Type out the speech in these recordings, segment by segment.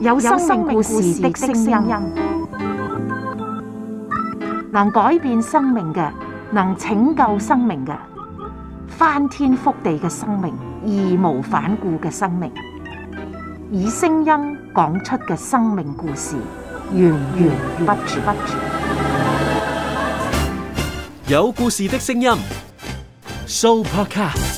有生命故事的聲音，能改變生命嘅，能拯救生命嘅，翻天覆地嘅生命，義無反顧嘅生命，以聲音講出嘅生命故事，源源不絕。有故事的聲音，Soupercast。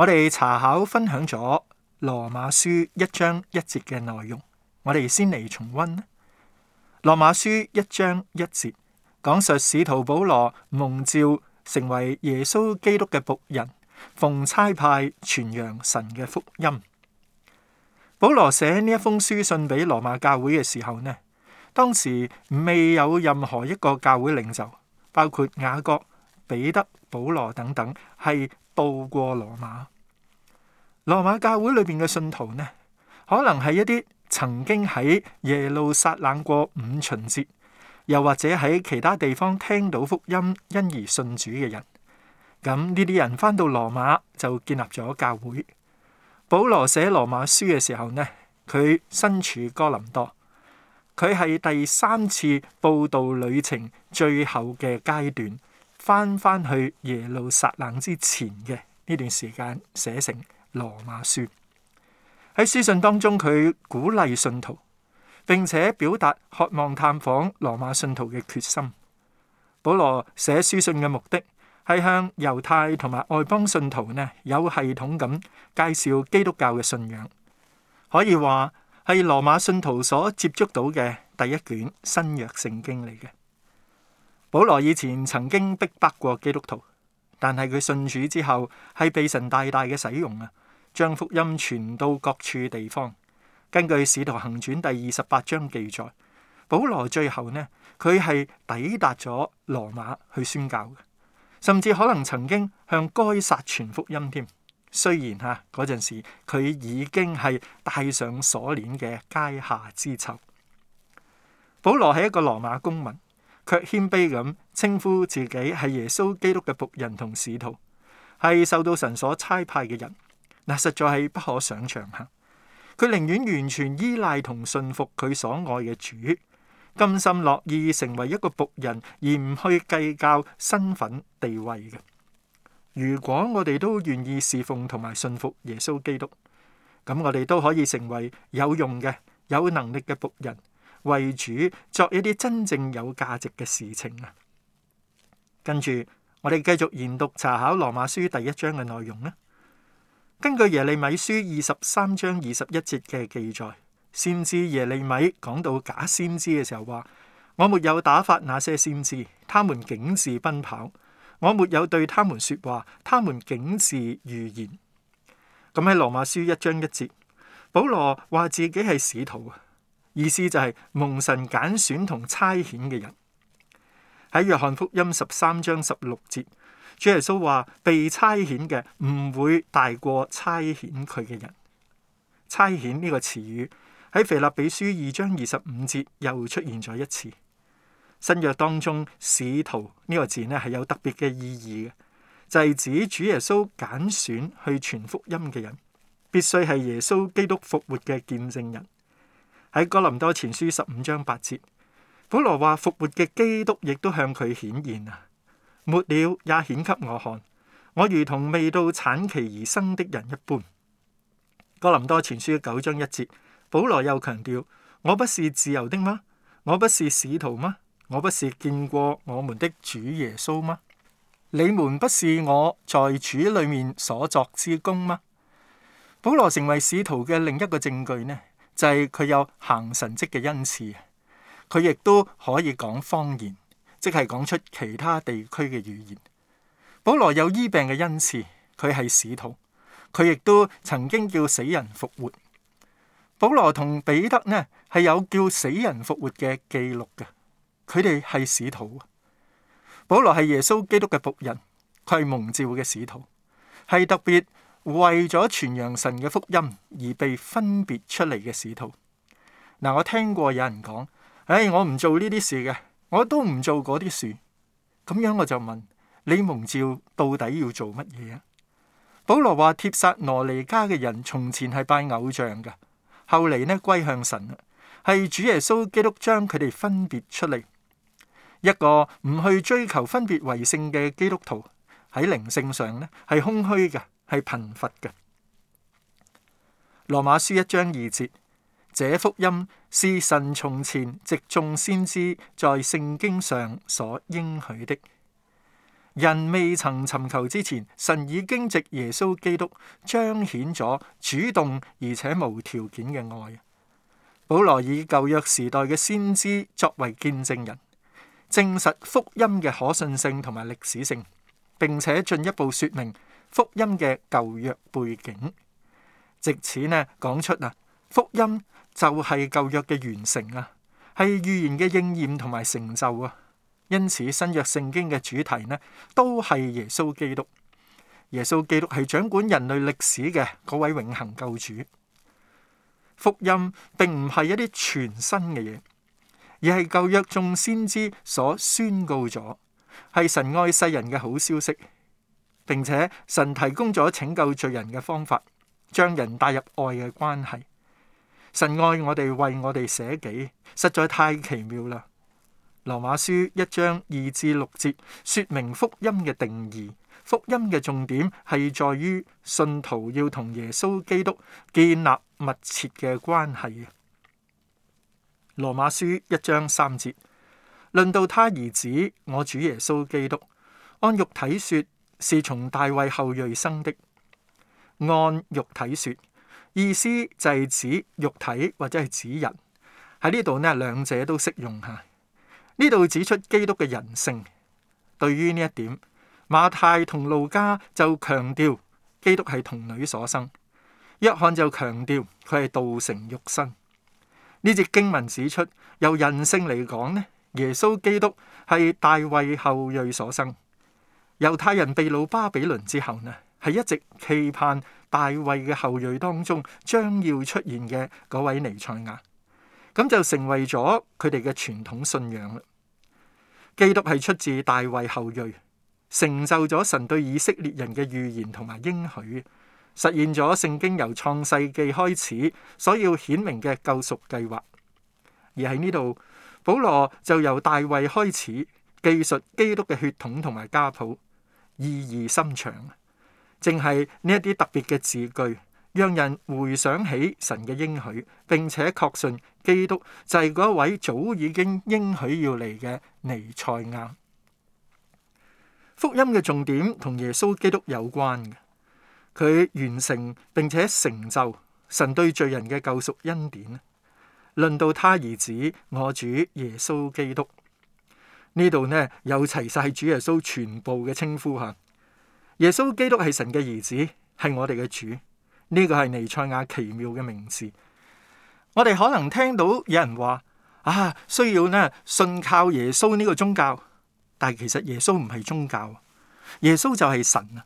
我哋查考分享咗羅馬書一章一節嘅內容，我哋先嚟重溫。羅馬書一章一節講述使徒保羅蒙召成為耶穌基督嘅僕人，奉差派傳揚神嘅福音。保羅寫呢一封書信俾羅馬教會嘅時候呢，當時未有任何一個教會領袖，包括雅各、彼得、保羅等等，係到過羅馬，羅馬教會裏邊嘅信徒呢，可能係一啲曾經喺耶路撒冷過五旬節，又或者喺其他地方聽到福音因而信主嘅人。咁呢啲人翻到羅馬就建立咗教會。保羅寫羅馬書嘅時候呢，佢身處哥林多，佢係第三次佈道旅程最後嘅階段。翻翻去耶路撒冷之前嘅呢段時間，寫成羅馬書。喺書信當中，佢鼓勵信徒，並且表達渴望探訪羅馬信徒嘅決心。保羅寫書信嘅目的，係向猶太同埋外邦信徒呢，有系統咁介紹基督教嘅信仰。可以話係羅馬信徒所接觸到嘅第一卷新約聖經嚟嘅。保羅以前曾經逼迫過基督徒，但係佢信主之後，係被神大大嘅使用啊，將福音傳到各處地方。根據《使徒行傳》第二十八章記載，保羅最後呢，佢係抵達咗羅馬去宣教，甚至可能曾經向該撒傳福音添。雖然吓嗰陣時佢已經係戴上鎖鏈嘅階下之囚，保羅係一個羅馬公民。卻謙卑咁稱呼自己係耶穌基督嘅僕人同使徒，係受到神所差派嘅人。嗱，實在係不可想象吓。佢寧願完全依賴同信服佢所愛嘅主，甘心樂意成為一個僕人，而唔去計較身份地位嘅。如果我哋都願意侍奉同埋信服耶穌基督，咁我哋都可以成為有用嘅、有能力嘅僕人。為主作一啲真正有價值嘅事情啊！跟住我哋繼續研讀查考羅馬書第一章嘅內容啦。根據耶利米書二十三章二十一節嘅記載，先知耶利米講到假先知嘅時候話：我沒有打發那些先知，他們竟自奔跑；我沒有對他們說話，他們竟自預言。咁喺羅馬書一章一節，保羅話自己係使徒意思就係蒙神揀選同差遣嘅人。喺約翰福音十三章十六節，主耶穌話被差遣嘅唔會大過差遣佢嘅人。差遣呢個詞語喺腓立比書二章二十五節又出現咗一次。新約當中，使徒呢、這個字呢係有特別嘅意義嘅，就係、是、指主耶穌揀選去傳福音嘅人，必須係耶穌基督復活嘅見證人。喺哥林多前書十五章八節，保羅話復活嘅基督亦都向佢顯現啊，末了也顯給我看，我如同未到產期而生的人一般。哥林多前書九章一節，保羅又強調：我不是自由的嗎？我不是使徒嗎？我不是見過我們的主耶穌嗎？你們不是我在主裏面所作之工嗎？保羅成為使徒嘅另一個證據呢？就係佢有行神蹟嘅恩賜，佢亦都可以講方言，即係講出其他地區嘅語言。保羅有醫病嘅恩賜，佢係使徒，佢亦都曾經叫死人復活。保羅同彼得呢係有叫死人復活嘅記錄嘅，佢哋係使徒。保羅係耶穌基督嘅僕人，佢係蒙召嘅使徒，係特別。為咗傳揚神嘅福音而被分別出嚟嘅使徒。嗱，我聽過有人講：，唉、哎，我唔做呢啲事嘅，我都唔做嗰啲事。咁樣我就問你，蒙召到底要做乜嘢啊？保羅話：，帖撒羅尼家嘅人從前係拜偶像嘅，後嚟呢歸向神啦，係主耶穌基督將佢哋分別出嚟。一個唔去追求分別為聖嘅基督徒喺靈性上呢係空虛嘅。係貧乏嘅。羅馬書一章二節，這福音是神從前藉眾先知在聖經上所應許的。人未曾尋求之前，神已經藉耶穌基督彰顯咗主動而且無條件嘅愛。保羅以舊約時代嘅先知作為見證人，證實福音嘅可信性同埋歷史性，並且進一步說明。福音嘅舊約背景，借此呢講出啊，福音就係舊約嘅完成啊，係預言嘅應驗同埋成就啊。因此新約聖經嘅主題呢，都係耶穌基督。耶穌基督係掌管人類歷史嘅嗰位永恆救主。福音並唔係一啲全新嘅嘢，而係舊約眾先知所宣告咗，係神愛世人嘅好消息。並且神提供咗拯救罪人嘅方法，將人帶入愛嘅關係。神愛我哋，為我哋捨己，實在太奇妙啦！羅馬書一章二至六節說明福音嘅定義，福音嘅重點係在於信徒要同耶穌基督建立密切嘅關係。羅馬書一章三節論到他兒子，我主耶穌基督，按肉體說。是從大衛後裔生的，按肉體說，意思就係指肉體或者係指人。喺呢度呢，兩者都適用吓。呢度指出基督嘅人性，對於呢一點，馬太同路加就強調基督係童女所生，約翰就強調佢係道成肉身。呢節經文指出，由人性嚟講呢，耶穌基督係大衛後裔所生。猶太人被擄巴比倫之後呢，係一直期盼大衛嘅後裔當中將要出現嘅嗰位彌賽亞，咁就成為咗佢哋嘅傳統信仰啦。基督係出自大衛後裔，成就咗神對以色列人嘅預言同埋應許，實現咗聖經由創世記開始所要顯明嘅救贖計劃。而喺呢度，保羅就由大衛開始記述基督嘅血統同埋家譜。意義深長，正係呢一啲特別嘅字句，讓人回想起神嘅應許，並且確信基督就係嗰位早已經應許要嚟嘅彌賽亞。福音嘅重點同耶穌基督有關嘅，佢完成並且成就神對罪人嘅救贖恩典。論到他兒子我主耶穌基督。呢度呢，有齊晒主耶穌全部嘅稱呼吓，耶穌基督係神嘅兒子，係我哋嘅主，呢、這個係尼塞亞奇妙嘅名字。我哋可能聽到有人話啊，需要呢，信靠耶穌呢個宗教，但係其實耶穌唔係宗教，耶穌就係神啊。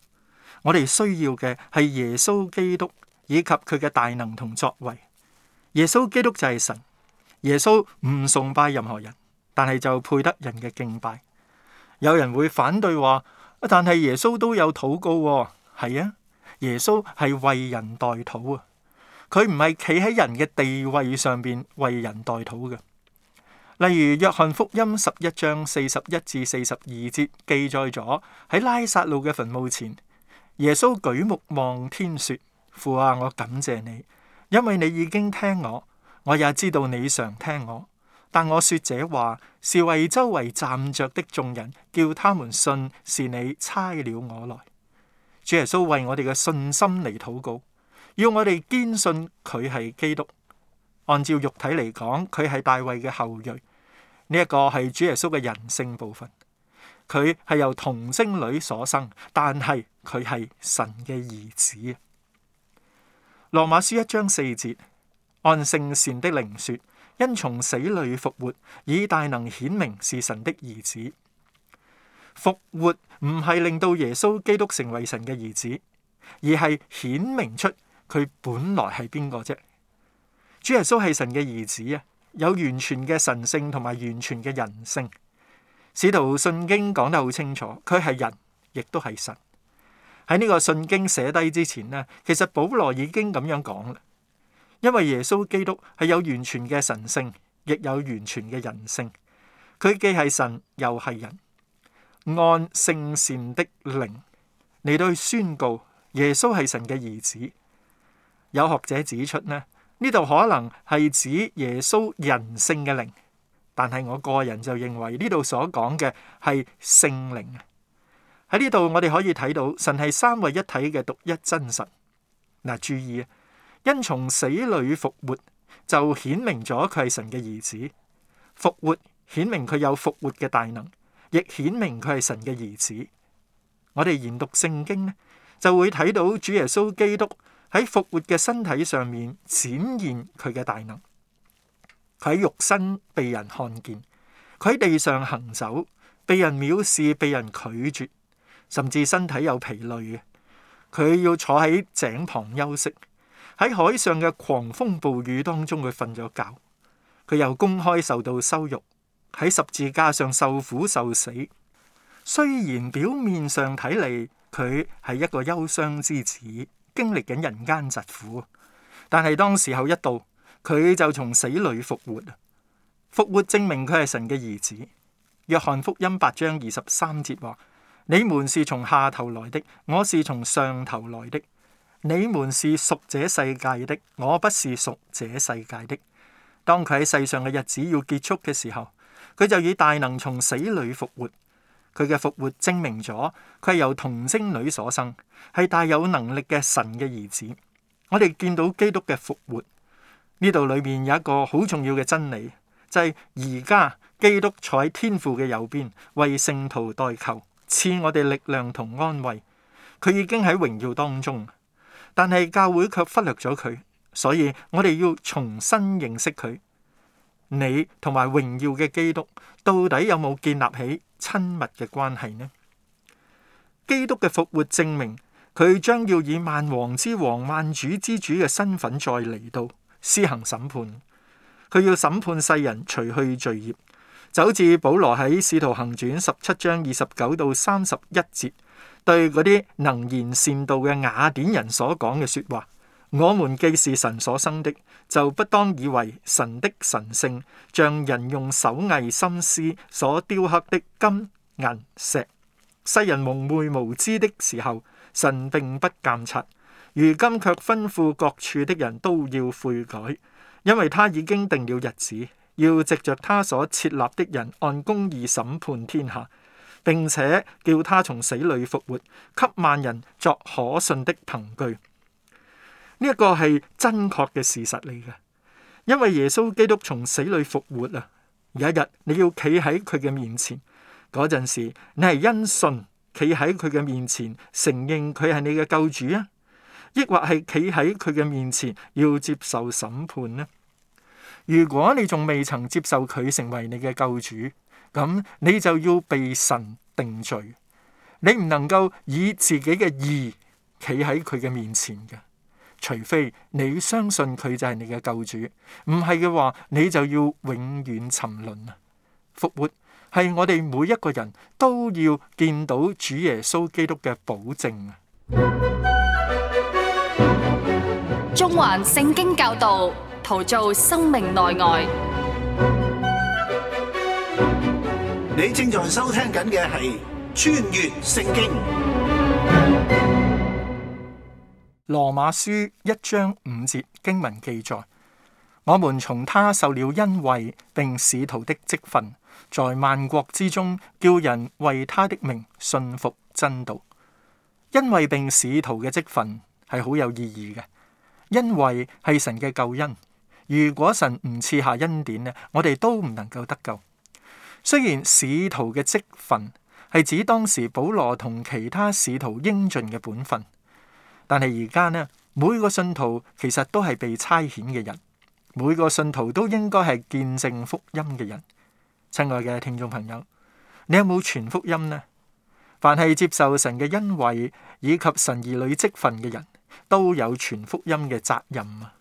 我哋需要嘅係耶穌基督以及佢嘅大能同作為。耶穌基督就係神，耶穌唔崇拜任何人。但係就配得人嘅敬拜。有人會反對話，但係耶穌都有禱告，哦，係啊，耶穌係為人代禱啊。佢唔係企喺人嘅地位上邊為人代禱嘅。例如約翰福音十一章四十一至四十二節記載咗喺拉撒路嘅墳墓前，耶穌舉目望天説：父啊，我感謝你，因為你已經聽我，我也知道你常聽我。但我說這話是為周圍站着的眾人，叫他們信是你差了我來。主耶穌為我哋嘅信心嚟禱告，要我哋堅信佢係基督。按照肉體嚟講，佢係大衛嘅後裔，呢一個係主耶穌嘅人性部分，佢係由童貞女所生，但係佢係神嘅兒子。羅馬書一章四節，按聖善的靈說。因從死裏復活，以大能顯明是神的兒子。復活唔係令到耶穌基督成為神嘅兒子，而係顯明出佢本來係邊個啫。主耶穌係神嘅兒子啊，有完全嘅神性同埋完全嘅人性。使徒信經講得好清楚，佢係人，亦都係神。喺呢個信經寫低之前咧，其實保羅已經咁樣講因為耶穌基督係有完全嘅神性，亦有完全嘅人性。佢既係神又係人，按聖善的靈嚟到去宣告耶穌係神嘅兒子。有學者指出呢，呢度可能係指耶穌人性嘅靈，但係我個人就認為呢度所講嘅係聖靈。喺呢度我哋可以睇到神係三位一體嘅獨一真神。嗱，注意因從死裏復活，就顯明咗佢係神嘅兒子。復活顯明佢有復活嘅大能，亦顯明佢係神嘅兒子。我哋研讀聖經呢，就會睇到主耶穌基督喺復活嘅身體上面展現佢嘅大能。佢喺肉身被人看見，佢喺地上行走，被人藐視，被人拒絕，甚至身體有疲累嘅。佢要坐喺井旁休息。喺海上嘅狂風暴雨當中，佢瞓咗覺，佢又公開受到羞辱，喺十字架上受苦受死。雖然表面上睇嚟佢係一個憂傷之子，經歷緊人間疾苦，但係當時候一到，佢就從死裏復活啊！復活證明佢係神嘅兒子。約翰福音八章二十三節話：你們是從下頭來的，我是從上頭來的。你們是屬這世界的，我不是屬這世界的。當佢喺世上嘅日子要結束嘅時候，佢就以大能從死裏復活。佢嘅復活證明咗佢係由童貞女所生，係大有能力嘅神嘅兒子。我哋見到基督嘅復活呢度裏面有一個好重要嘅真理，就係而家基督坐喺天父嘅右邊為聖徒代求，賜我哋力量同安慰。佢已經喺榮耀當中。但係教會卻忽略咗佢，所以我哋要重新認識佢，你同埋榮耀嘅基督到底有冇建立起親密嘅關係呢？基督嘅復活證明佢將要以萬王之王、萬主之主嘅身份再嚟到施行審判，佢要審判世人，除去罪孽，就好似保羅喺使徒行傳十七章二十九到三十一節。對嗰啲能言善道嘅雅典人所講嘅說話，我們既是神所生的，就不當以為神的神性像人用手藝心思所雕刻的金、銀、石。世人蒙昧無知的時候，神並不監察；如今卻吩咐各處的人都要悔改，因為他已經定了日子，要藉着他所設立的人，按公義審判天下。並且叫他從死裏復活，給萬人作可信的憑據。呢一個係真確嘅事實嚟嘅，因為耶穌基督從死裏復活啊！有一日你要企喺佢嘅面前，嗰陣時你係因信企喺佢嘅面前，承認佢係你嘅救主啊！抑或係企喺佢嘅面前要接受審判呢？如果你仲未曾接受佢成為你嘅救主。咁你就要被神定罪，你唔能夠以自己嘅義企喺佢嘅面前嘅，除非你相信佢就係你嘅救主，唔係嘅話，你就要永遠沉淪啊！復活係我哋每一個人都要見到主耶穌基督嘅保證啊！中環聖經教導，陶造生命內外。你正在收聽緊嘅係《穿越聖經》，羅馬書一章五節經文記載：我們從他受了恩惠，並使徒的職分，在萬國之中叫人為他的名信服真道。恩惠並使徒嘅職分係好有意義嘅，因為係神嘅救恩。如果神唔賜下恩典咧，我哋都唔能夠得救。雖然使徒嘅職份係指當時保羅同其他使徒應盡嘅本分，但係而家呢每個信徒其實都係被差遣嘅人，每個信徒都應該係見證福音嘅人。親愛嘅聽眾朋友，你有冇傳福音呢？凡係接受神嘅恩惠以及神兒女職份嘅人都有傳福音嘅責任啊。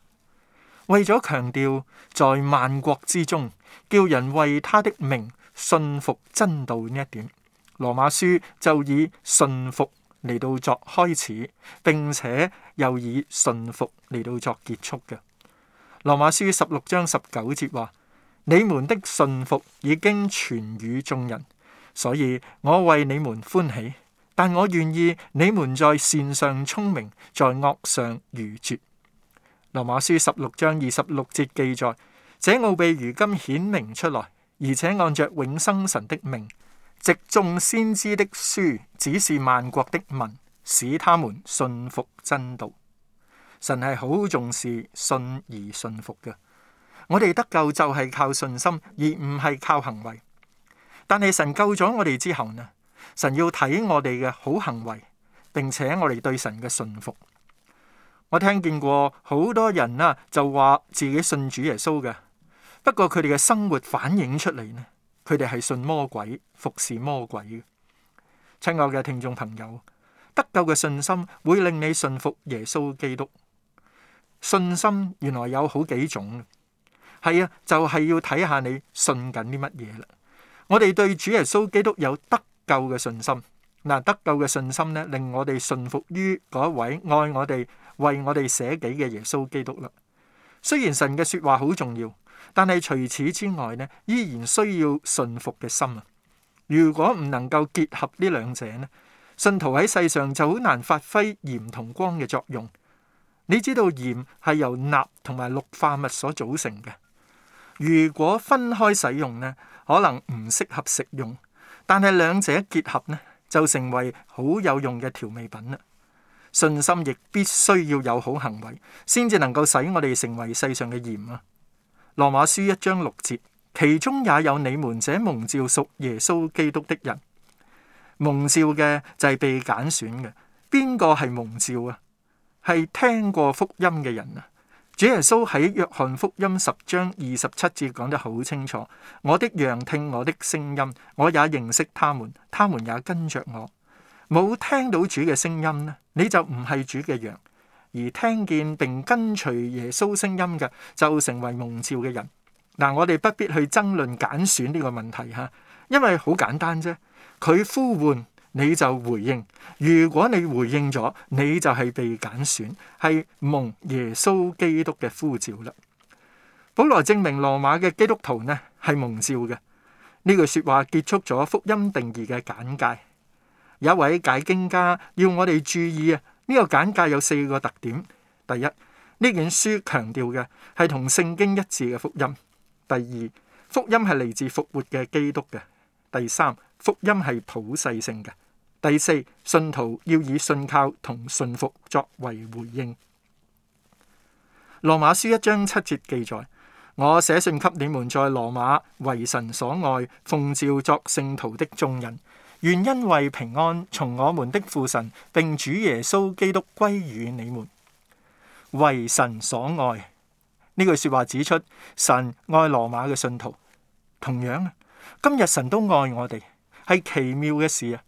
為咗強調，在萬國之中叫人為他的名。信服真道呢一點，羅馬書就以信服嚟到作開始，並且又以信服嚟到作結束嘅。羅馬書十六章十九節話：你們的信服已經傳與眾人，所以我為你們歡喜，但我願意你們在善上聰明，在惡上愚拙。羅馬書十六章二十六節記載：這奧秘如今顯明出來。而且按着永生神的命，藉眾先知的書指示萬國的民，使他們信服真道。神係好重視信而信服嘅。我哋得救就係靠信心，而唔係靠行為。但係神救咗我哋之後呢？神要睇我哋嘅好行為，並且我哋對神嘅信服。我聽見過好多人啦，就話自己信主耶穌嘅。不過佢哋嘅生活反映出嚟呢，佢哋係信魔鬼服侍魔鬼嘅。親愛嘅聽眾朋友，得救嘅信心會令你信服耶穌基督。信心原來有好幾種，係啊，就係、是、要睇下你信緊啲乜嘢啦。我哋對主耶穌基督有得救嘅信心，嗱，得救嘅信心咧令我哋信服於嗰一位愛我哋、為我哋捨己嘅耶穌基督啦。雖然神嘅說話好重要。但係除此之外咧，依然需要順服嘅心啊。如果唔能夠結合呢兩者呢，信徒喺世上就好難發揮鹽同光嘅作用。你知道鹽係由鈉同埋氯化物所組成嘅。如果分開使用呢，可能唔適合食用。但係兩者結合呢，就成為好有用嘅調味品啦。信心亦必須要有好行為，先至能夠使我哋成為世上嘅鹽啊。羅馬書一章六節，其中也有你們這蒙召屬耶穌基督的人。蒙召嘅就係被揀選嘅，邊個係蒙召啊？係聽過福音嘅人啊！主耶穌喺約翰福音十章二十七節講得好清楚：我的羊聽我的聲音，我也認識他們，他們也跟着我。冇聽到主嘅聲音呢，你就唔係主嘅羊。而聽見並跟隨耶穌聲音嘅，就成為蒙召嘅人。嗱，我哋不必去爭論揀選呢個問題吓，因為好簡單啫。佢呼喚你就回應，如果你回應咗，你就係被揀選，係蒙耶穌基督嘅呼召啦。保羅證明羅馬嘅基督徒呢，係蒙召嘅。呢句說話結束咗福音定義嘅簡介。有一位解經家要我哋注意啊。呢個簡介有四個特點：第一，呢卷書強調嘅係同聖經一致嘅福音；第二，福音係嚟自復活嘅基督嘅；第三，福音係普世性嘅；第四，信徒要以信靠同信服作為回應。羅馬書一章七節記載：我寫信給你們在羅馬為神所愛、奉召作聖徒的眾人。願因為平安，從我們的父神，並主耶穌基督歸與你們，為神所愛。呢句說話指出神愛羅馬嘅信徒，同樣啊，今日神都愛我哋，係奇妙嘅事啊！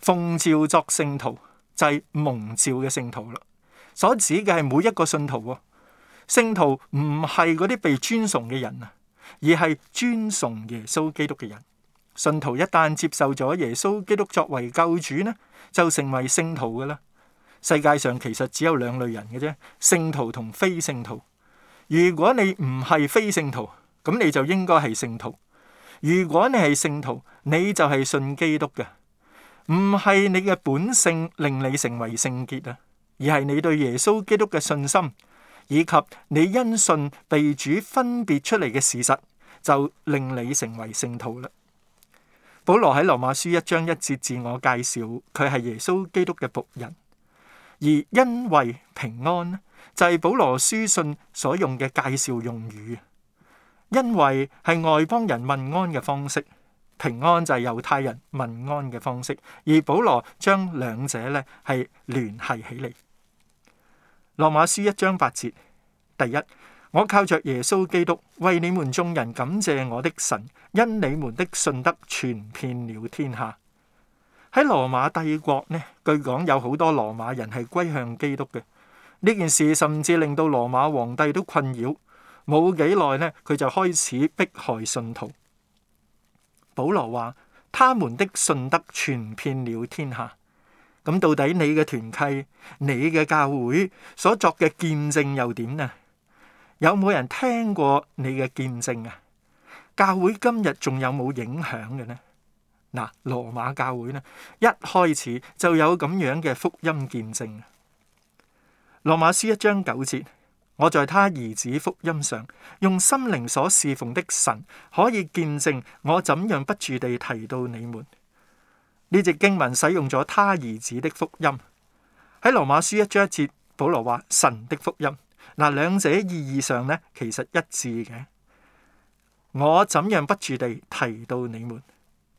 奉召作聖徒就係、是、蒙召嘅聖徒啦，所指嘅係每一個信徒喎。聖徒唔係嗰啲被尊崇嘅人啊，而係尊崇耶穌基督嘅人。信徒一旦接受咗耶穌基督作為救主呢，就成為聖徒㗎喇。世界上其實只有兩類人嘅啫，聖徒同非聖徒。如果你唔係非聖徒，咁你就應該係聖徒。如果你係聖徒，你就係信基督嘅，唔係你嘅本性令你成為聖潔啊，而係你對耶穌基督嘅信心，以及你因信被主分別出嚟嘅事實，就令你成為聖徒啦。保羅喺羅馬書一章一節自我介紹，佢係耶穌基督嘅僕人，而因為平安就係、是、保羅書信所用嘅介紹用語。因為係外邦人問安嘅方式，平安就係猶太人問安嘅方式，而保羅將兩者咧係聯繫起嚟。羅馬書一章八節，第一。我靠着耶穌基督為你們眾人感謝我的神，因你們的信德傳遍了天下。喺羅馬帝國呢，據講有好多羅馬人係歸向基督嘅，呢件事，甚至令到羅馬皇帝都困擾。冇幾耐呢，佢就開始迫害信徒。保羅話，他們的信德傳遍了天下，咁到底你嘅團契、你嘅教會所作嘅見證又點呢？有冇人聽過你嘅見證啊？教會今日仲有冇影響嘅呢？嗱，羅馬教會呢，一開始就有咁樣嘅福音見證。羅馬書一章九節，我在他兒子福音上，用心靈所侍奉的神，可以見證我怎樣不住地提到你們。呢隻經文使用咗他兒子的福音。喺羅馬書一章一節，保羅話神的福音。嗱，兩者意義上咧，其實一致嘅。我怎樣不住地提到你們，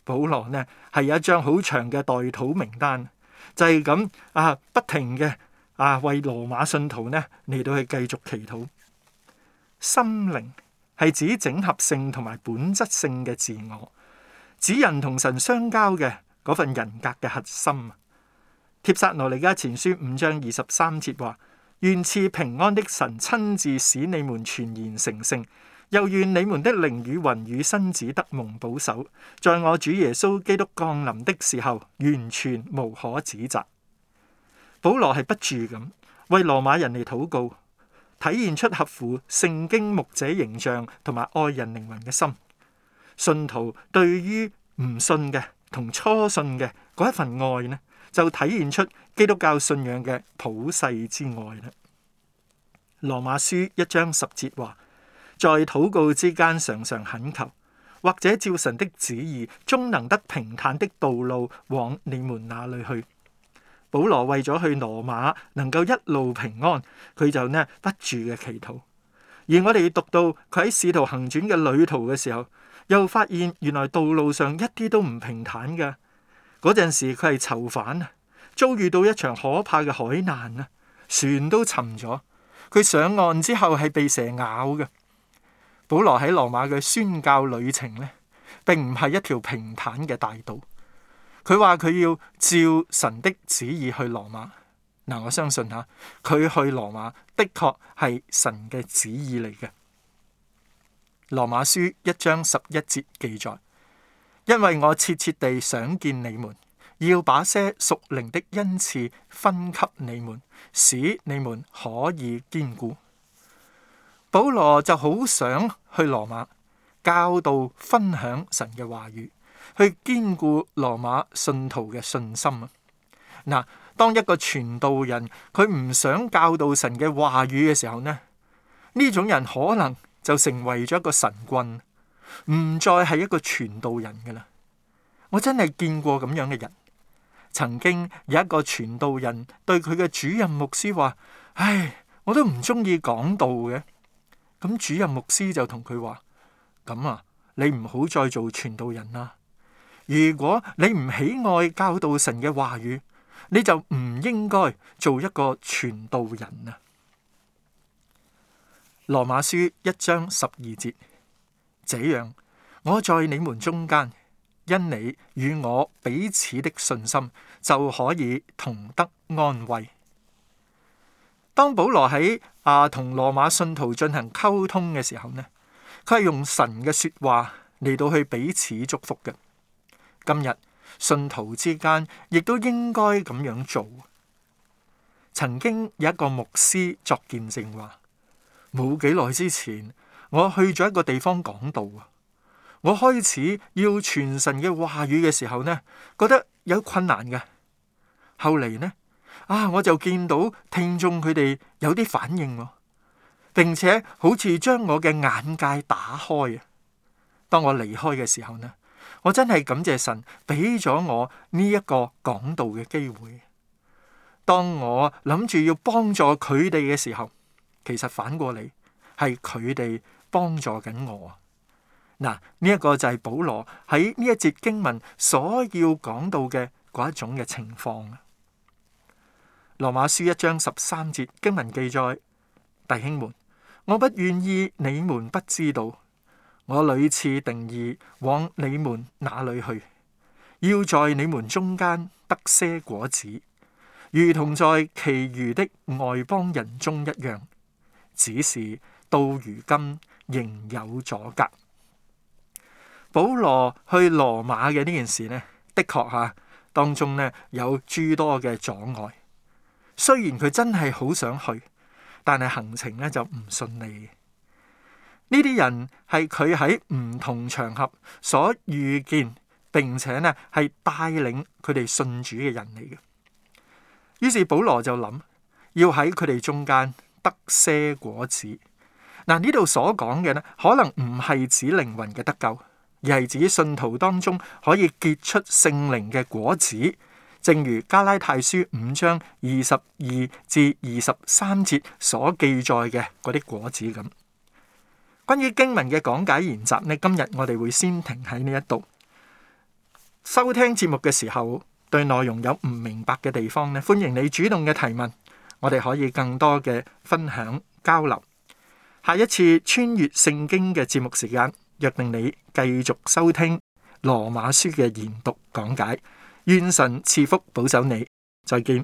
保羅呢？有一張好長嘅代禱名單，就係、是、咁啊，不停嘅啊，為羅馬信徒呢嚟到去繼續祈禱。心靈係指整合性同埋本質性嘅自我，指人同神相交嘅嗰份人格嘅核心。帖撒羅尼迦前書五章二十三節話。願賜平安的神親自使你們全然成聖，又願你們的靈與魂與身子得蒙保守，在我主耶穌基督降臨的時候完全無可指責。保羅係不住咁為羅馬人嚟禱告，體現出合乎聖經牧者形象同埋愛人靈魂嘅心。信徒對於唔信嘅同初信嘅嗰一份愛呢？就體現出基督教信仰嘅普世之外啦。羅馬書一章十節話：在禱告之間常常懇求，或者照神的旨意，終能得平坦的道路往你們那裏去。保羅為咗去羅馬能夠一路平安，佢就呢不住嘅祈禱。而我哋讀到佢喺使徒行傳嘅旅途嘅時候，又發現原來道路上一啲都唔平坦嘅。嗰陣時佢係囚犯啊，遭遇到一場可怕嘅海難啊，船都沉咗。佢上岸之後係被蛇咬嘅。保羅喺羅馬嘅宣教旅程咧，並唔係一條平坦嘅大道。佢話佢要照神的旨意去羅馬。嗱、嗯，我相信嚇佢去羅馬的確係神嘅旨意嚟嘅。羅馬書一章十一節記載。因為我切切地想見你們，要把些屬靈的恩賜分給你們，使你們可以堅固。保羅就好想去羅馬教導分享神嘅話語，去堅固羅馬信徒嘅信心啊！嗱，當一個傳道人佢唔想教導神嘅話語嘅時候呢，呢種人可能就成為咗一個神棍。唔再係一個傳道人嘅啦，我真係見過咁樣嘅人。曾經有一個傳道人對佢嘅主任牧師話：「唉，我都唔中意講道嘅。」咁主任牧師就同佢話：「咁啊，你唔好再做傳道人啦。如果你唔喜愛教導神嘅話語，你就唔應該做一個傳道人啊。」羅馬書一章十二節。這樣，我在你們中間，因你與我彼此的信心，就可以同得安慰。當保羅喺啊同羅馬信徒進行溝通嘅時候呢，佢係用神嘅說話嚟到去彼此祝福嘅。今日信徒之間亦都應該咁樣做。曾經有一個牧師作見證話，冇幾耐之前。我去咗一個地方講道，啊。我開始要傳神嘅話語嘅時候呢，覺得有困難嘅。後嚟呢，啊我就見到聽眾佢哋有啲反應，並且好似將我嘅眼界打開啊。當我離開嘅時候呢，我真係感謝神俾咗我呢一個講道嘅機會。當我諗住要幫助佢哋嘅時候，其實反過嚟係佢哋。幫助緊我嗱，呢一個就係保羅喺呢一節經文所要講到嘅嗰一種嘅情況。羅馬書一章十三節經文記載：弟兄們，我不願意你們不知道，我屢次定義往你們那裏去，要在你們中間得些果子，如同在其餘的外邦人中一樣。只是到如今。仍有阻隔。保羅去羅馬嘅呢件事呢，的確吓當中呢有諸多嘅阻礙。雖然佢真係好想去，但係行程呢就唔順利。呢啲人係佢喺唔同場合所遇見，並且呢係帶領佢哋信主嘅人嚟嘅。於是保羅就諗要喺佢哋中間得些果子。嗱，呢度所講嘅呢，可能唔係指靈魂嘅得救，而係指信徒當中可以結出聖靈嘅果子，正如加拉太書五章二十二至二十三節所記載嘅嗰啲果子咁。關於經文嘅講解研習呢，今日我哋會先停喺呢一度。收聽節目嘅時候，對內容有唔明白嘅地方呢，歡迎你主動嘅提問，我哋可以更多嘅分享交流。下一次穿越聖經嘅節目時間，約定你繼續收聽羅馬書嘅研讀講解。願神賜福保守你，再見。